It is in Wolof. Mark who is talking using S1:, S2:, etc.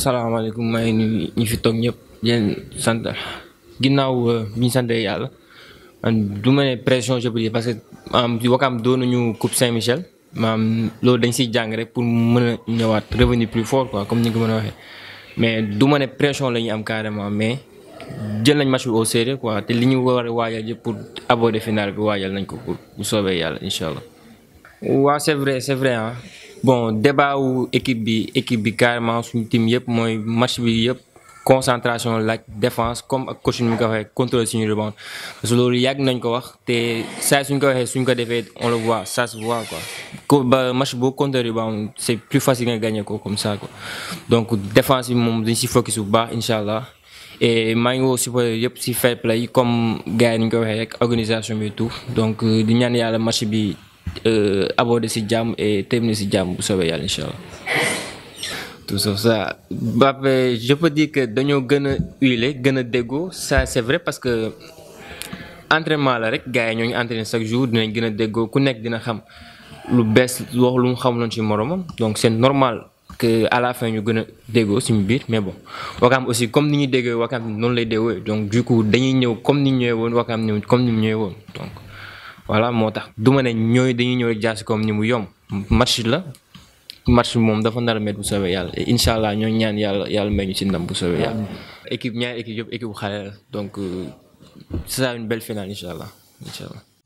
S1: salaamaaleykum maa ngi nuyu ñi fi toog ñëpp di leen sant ginnaaw euh, bi ñu sant yàlla du ma ne pression je peux parce que maanaam Wakaam doon nañu Coupe Saint-Michel maam loolu dañ siy jàng rek pour mën a ñëwaat revenir plus fort quoi comme ni nga ko mën waxee. mais du ma ne pression la ñu am carrément mais jën nañ match bi au sérieux quoi te li ñu war a waajal yëpp pour aborder final bi waajal nañ ko pour bu soobee yàlla incha allah. waaw c'est vrai c'est vrai ah. bon débat ou équipe bi équipe bi carrément suñu team yëpp mooy match bi yëpp concentration la défense comme ak coach mi ko waxee contrôle suñu rebond parce que loolu yàgg nañ ko wax te saa suñ ko waxee suñ ko defee on le voit ça se voit quoi. ko ba match beau contre rebond c'est plus facile nga gagner ko comme ça quoi donc défense bi moom dañ si focus bu baax incha allah. et maa ngi woo supporter yëpp si fair play comme gars yi ñu ko waxee rek organisation bi tout donc euh, di ñaan yàlla match bi. Euh, aborder ces jambes et terminer ces jambes pour sauver tout ça je peux dire que dañoo huilé ça c'est vrai parce que entraînement là, rek gars yi chaque jour donc c'est normal. que la fin nous des c'est mais bon Wakam aussi comme donc du coup comme comme nous donc. voilà moo tax du ma ne ñooy dañuy ñëw rek jaasi comme ni mu yomb match la match moom dafa nar a met bu soobee yàlla incha allah ñoo ñaan yàlla yàlla may ñu si ndam bu soobee yàlla. équipe ñaari équipe yëpp équipe xale la donc euh, ce sera une belle finale incha allah incha allah.